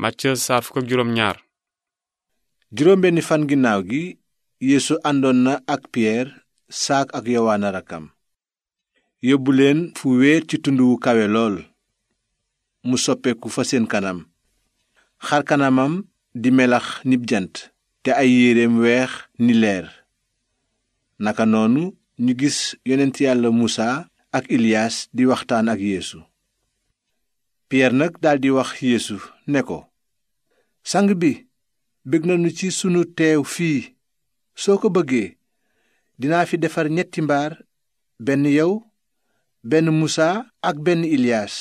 Màcce saar fukk juróom ñaar. fan ginnaaw gi yéesu àndoon na ak Piyeer saak ak Yowaana rakkam yóbbu fu wéer ci tund wu kawe lool mu soppeeku fa seen kanam xar kanamam di melax nib jant te ay yéreem weex ni leer naka noonu ñu gis yonent yàlla Musaa ak Iliyaas di waxtaan ak Yeesu nag daldi wax ne ko sang bi bég nañu ci sunu teew fii soo ko bëggee dinaa fi defar ñetti mbaar benn yow benn musaa ak benn iliyaas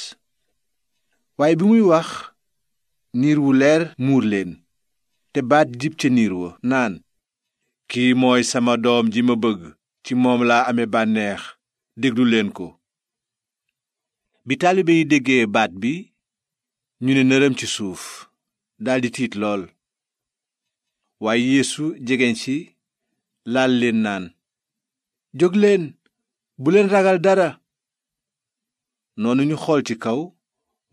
waaye bi muy wax niir wu leer muur leen te baat jib ca niir wa naan kii mooy sama doom ji ma bëgg ci moom laa ame bànneex déglu leen ko ñu ne nërëm ci suuf daldi tiit lool waaye yeesu jegeñ ci laal leen naan jóg leen bu leen ragal dara noonu ñu xool ci kaw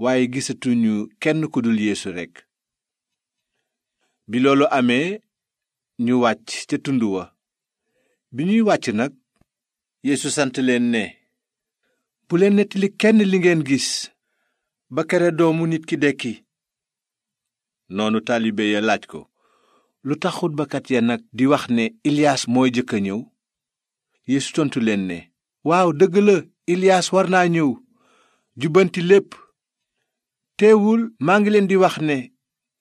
waaye gisatuñu kenn ku dul yeesu rekk bi loolu amee ñu wàcc ca tund wa bi ñuy wàcc nag yéesu sant leen ne bu leen nettali kenn li ngeen gis ba kere doomu nit ki dekki noonu taalibe ya laaj ko lu tax xutbakat ya nag di wax ne iliyaas mooy jëkk a ñëw yeesu tontu leen ne waaw dëgg la iliyaas war naa ñëw jubbanti lépp teewul maa ngi leen di wax ne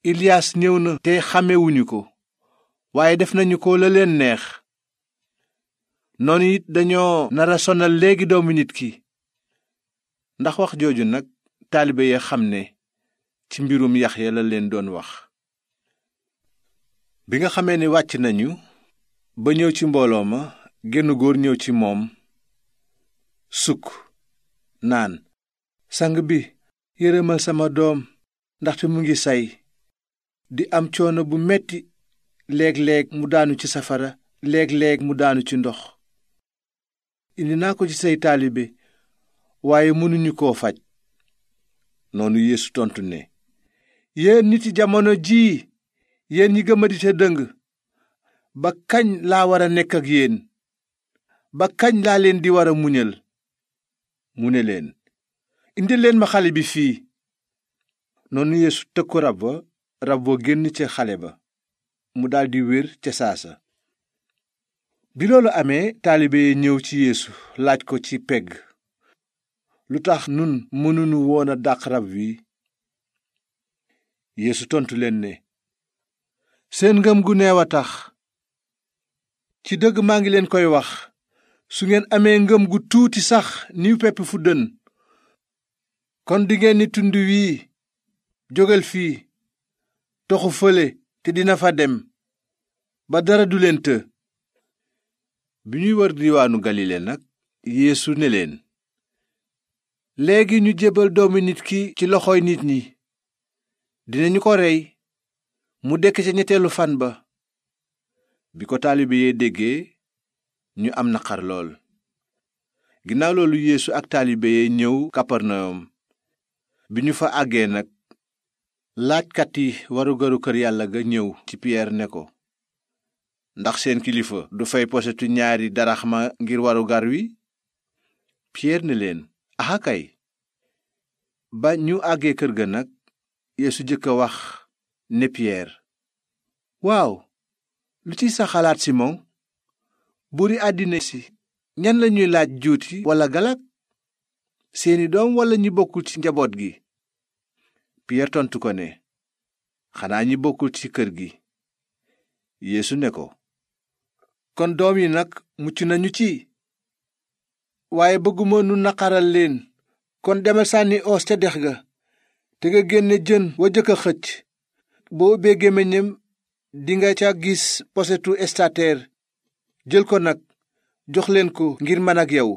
iliyaas ñëw na te xàmmewuñu ko waaye def nañu ko la leen neex noonu it dañoo nara sonal léegi doomu nit ki ndax wax jooju nag taalibe ya xam ne ci mbirum Yaxya la leen doon wax bi nga xamee ni wàcc nañu ba ñëw ci mbooloo ma génn góor ñëw ci moom sukk naan sang bi yërëmal sama doom ndaxte mu ngi say di am coono bu metti léeg-léeg mu daanu ci safara léeg-léeg mu daanu ci ndox indi naa ko ci say taalibe waaye mënuñu koo faj noonu yeesu tontu ne yéen nit yi jamono jii yéen ñi gëmadi te dëng ba kañ laa war a nekk ak yéen ba kañ laa leen di war a muñal mu ne leen indil leen ma xale bi fii noonu yéesu tëkku rab wa rab wa génn ca xale ba mu daldi wér ca saasa bi loolu amee taalibe yi ñëw ci yéesu laaj ko ci pegg lu tax nun mënunu woon a wi yeesu tontu leen ne seen ngëm gu neew a tax ci dëgg maa ngi leen koy wax su ngeen amee ngëm gu tuuti sax niw pepp fuddën kon dingeen ni tund wii jógal fii toxu fële te dina fa dem ba dara du leen të bi ñuy wër diwaanu galile nag yéesu ne leen léegi ñu jébbal doomi nit ki ci loxoy nit ñi dinañu ko rey mu dekk ca ñetteelu fan ba bi ko taalibe yee déggee ñu am naqar lool ginnaaw loolu yeesu ak taalibe yee ñëw kaparnayom bi ñu fa àggee nag laajkat yi warugaru kër yàlla ga ñëw ci piyeer ne ko ndax seen kilifa du fay posetu ñaari daraxma ngir warugar wi piyeer ne leen axa ba ñu àggee kër ga nag yeesu jëkk a wax ne piyeer waaw lu ci sa xalaat simon buuri àddina si ñan lañuy laaj juuti walla galak seeni doom walla ñi bokkul ci njaboot gi piyeer tontu ko ne xanaa ñi bokkul ci kër gi yéesu ne ko kon doom yi nag mucc nañu ci waaye bëgguma nu naqaral leen kon demal sànni oos ca dex ga te nga génne jën wa jëkk a xëcc boo ubbee gémmiñam dinga ca gis posetu estateer jël ko nag joxleen ko ngir mën ak yow